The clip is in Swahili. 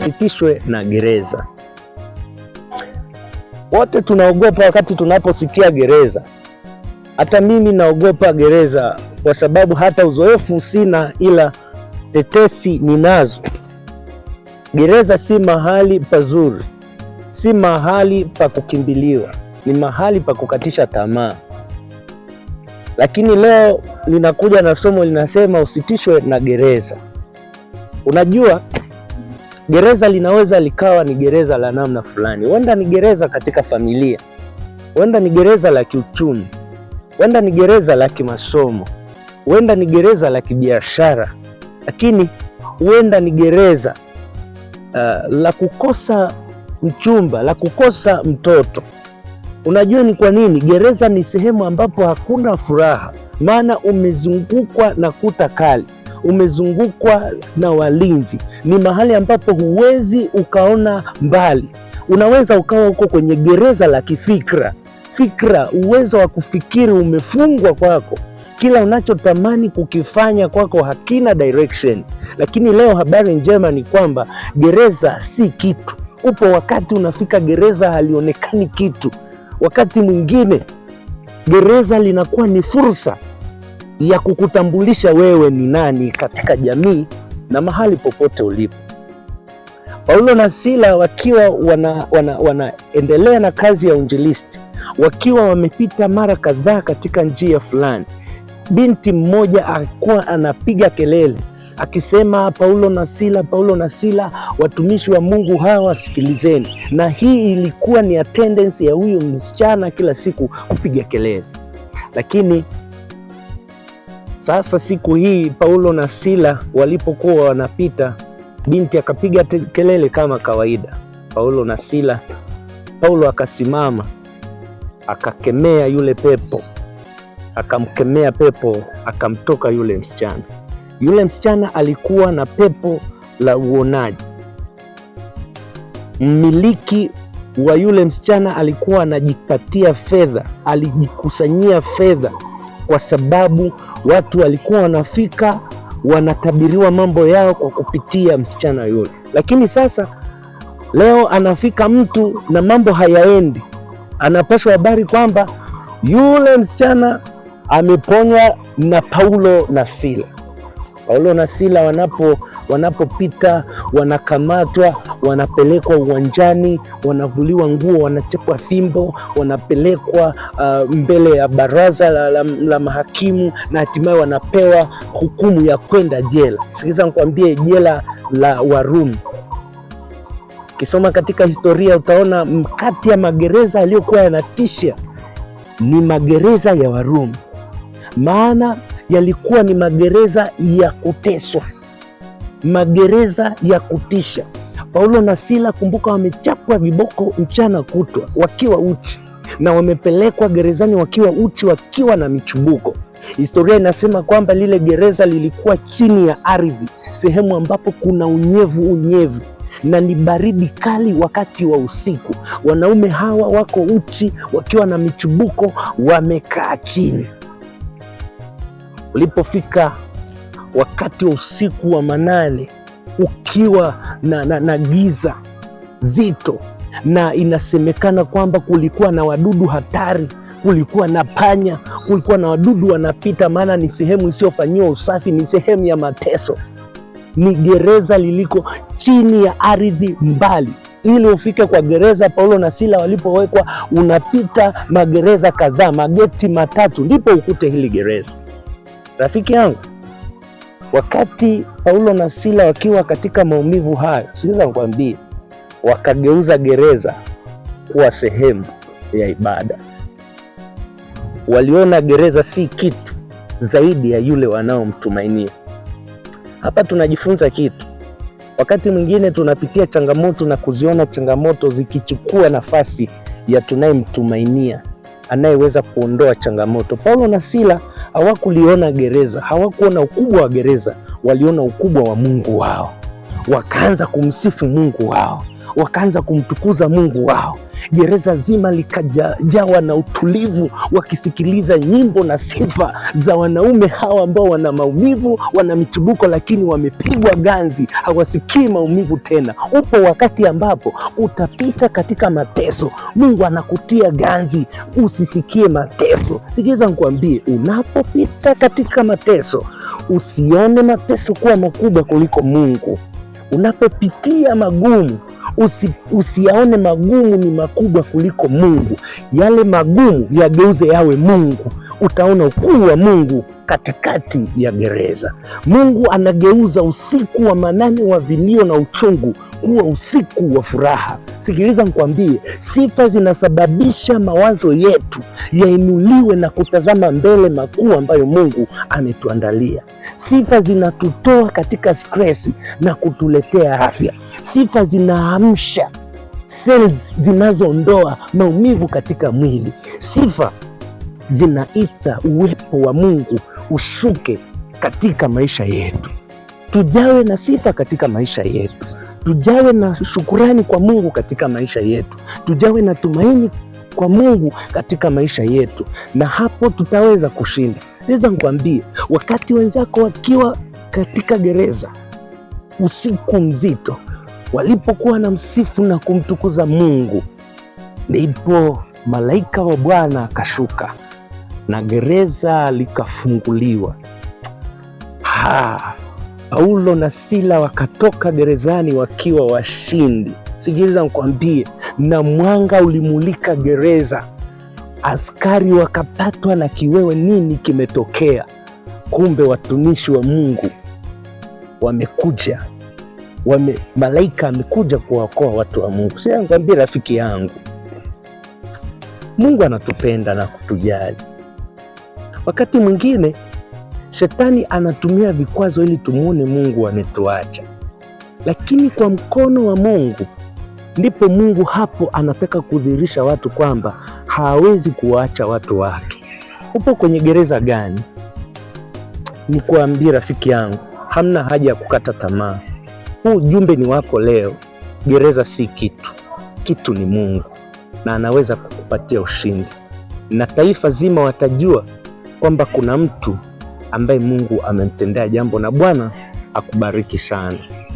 sitishwe na gereza. Wote tunaogopa wakati tunaposikia gereza. Hata mimi naogopa gereza kwa sababu hata uzoefu sina, ila tetesi ninazo. Gereza si mahali pazuri, si mahali pa kukimbiliwa, ni mahali pa kukatisha tamaa. Lakini leo ninakuja na somo linasema usitishwe na gereza. Unajua, Gereza linaweza likawa ni gereza la namna fulani, huenda ni gereza katika familia, huenda ni gereza la kiuchumi, huenda ni gereza la kimasomo, huenda ni gereza la kibiashara, lakini huenda ni gereza uh, la kukosa mchumba, la kukosa mtoto. Unajua ni kwa nini? Gereza ni sehemu ambapo hakuna furaha, maana umezungukwa na kuta kali umezungukwa na walinzi. Ni mahali ambapo huwezi ukaona mbali. Unaweza ukawa huko kwenye gereza la kifikra. Fikra, uwezo wa kufikiri umefungwa kwako. Kila unachotamani kukifanya kwako hakina direction. Lakini leo habari njema ni kwamba gereza si kitu. Upo wakati unafika gereza halionekani kitu, wakati mwingine gereza linakuwa ni fursa ya kukutambulisha wewe ni nani katika jamii na mahali popote ulipo. Paulo na Sila wakiwa wanaendelea wana, wana na kazi ya uinjilisti, wakiwa wamepita mara kadhaa katika njia fulani, binti mmoja alikuwa anapiga kelele akisema, Paulo na Sila, Paulo na Sila, watumishi wa Mungu hawa wasikilizeni. Na hii ilikuwa ni attendance ya huyu msichana kila siku kupiga kelele, lakini sasa siku hii Paulo na Sila walipokuwa wanapita, binti akapiga kelele kama kawaida, Paulo na Sila. Paulo akasimama akakemea yule pepo, akamkemea pepo, akamtoka yule msichana. Yule msichana alikuwa na pepo la uonaji. Mmiliki wa yule msichana alikuwa anajipatia fedha, alijikusanyia fedha kwa sababu watu walikuwa wanafika wanatabiriwa mambo yao kwa kupitia msichana yule, lakini sasa leo anafika mtu na mambo hayaendi, anapashwa habari kwamba yule msichana ameponywa na Paulo na Sila. Paulo na Sila wanapo wanapopita wanakamatwa, wanapelekwa uwanjani, wanavuliwa nguo, wanachekwa fimbo, wanapelekwa uh, mbele ya baraza la, la, la mahakimu na hatimaye wanapewa hukumu ya kwenda jela. Sikiza nikwambie, jela la Warumi Ukisoma katika historia utaona kati ya magereza yaliyokuwa yanatisha ni magereza ya Warumi, maana yalikuwa ni magereza ya kuteswa, magereza ya kutisha. Paulo na Sila, kumbuka, wamechapwa viboko mchana kutwa wakiwa uchi na wamepelekwa gerezani wakiwa uchi, wakiwa na michubuko. Historia inasema kwamba lile gereza lilikuwa chini ya ardhi, sehemu ambapo kuna unyevu unyevu na ni baridi kali wakati wa usiku. Wanaume hawa wako uchi wakiwa na michubuko, wamekaa chini. Ulipofika wakati wa usiku wa manane, ukiwa na, na, na giza zito, na inasemekana kwamba kulikuwa na wadudu hatari, kulikuwa na panya, kulikuwa na wadudu wanapita, maana ni sehemu isiyofanyiwa usafi, ni sehemu ya mateso, ni gereza liliko chini ya ardhi mbali ili ufike kwa gereza Paulo na Sila walipowekwa, unapita magereza kadhaa, mageti matatu, ndipo ukute hili gereza. Rafiki yangu, wakati Paulo na Sila wakiwa katika maumivu hayo, sikiliza nikwambie, wakageuza gereza kuwa sehemu ya ibada. Waliona gereza si kitu zaidi ya yule wanaomtumainia. Hapa tunajifunza kitu. Wakati mwingine tunapitia changamoto na kuziona changamoto zikichukua nafasi ya tunayemtumainia anayeweza kuondoa changamoto. Paulo na Sila hawakuliona gereza, hawakuona ukubwa wa gereza, waliona ukubwa wa Mungu wao, wakaanza kumsifu Mungu wao wakaanza kumtukuza Mungu wao. Gereza zima likajawa na utulivu, wakisikiliza nyimbo na sifa za wanaume hawa ambao wana maumivu, wana michubuko, lakini wamepigwa ganzi, hawasikii maumivu tena. Upo wakati ambapo utapita katika mateso, Mungu anakutia ganzi, usisikie mateso. Sikiliza nikwambie, unapopita katika mateso, usione mateso kuwa makubwa kuliko Mungu. Unapopitia magumu usi, usiyaone magumu ni makubwa kuliko Mungu. Yale magumu yageuze yawe Mungu utaona ukuu wa Mungu katikati ya gereza. Mungu anageuza usiku wa manane wa vilio na uchungu kuwa usiku wa furaha. Sikiliza nikwambie, sifa zinasababisha mawazo yetu yainuliwe na kutazama mbele makuu ambayo Mungu ametuandalia. Sifa zinatutoa katika stresi na kutuletea afya. Sifa zinaamsha seli zinazoondoa maumivu katika mwili. Sifa zinaita uwepo wa Mungu ushuke katika maisha yetu, tujawe na sifa katika maisha yetu, tujawe na shukurani kwa Mungu katika maisha yetu, tujawe na tumaini kwa Mungu katika maisha yetu, na hapo tutaweza kushinda. Naweza nikwambie, wakati wenzako wakiwa katika gereza usiku mzito, walipokuwa na msifu na kumtukuza Mungu, ndipo malaika wa Bwana akashuka na gereza likafunguliwa. Ha, Paulo na Sila wakatoka gerezani wakiwa washindi. Sikiliza nikwambie, na mwanga ulimulika gereza. Askari wakapatwa na kiwewe, nini kimetokea? Kumbe watumishi wa Mungu wamekuja wame, malaika amekuja kuwaokoa watu wa Mungu. Sikwambie rafiki yangu, Mungu anatupenda na kutujali. Wakati mwingine shetani anatumia vikwazo ili tumwone Mungu ametuacha, lakini kwa mkono wa Mungu ndipo Mungu hapo anataka kudhihirisha watu kwamba hawezi kuwaacha watu wake. Upo kwenye gereza gani? Nikuambie rafiki yangu, hamna haja ya kukata tamaa. Huu ujumbe ni wako leo. Gereza si kitu, kitu ni Mungu, na anaweza kukupatia ushindi, na taifa zima watajua kwamba kuna mtu ambaye Mungu amemtendea jambo na Bwana akubariki sana.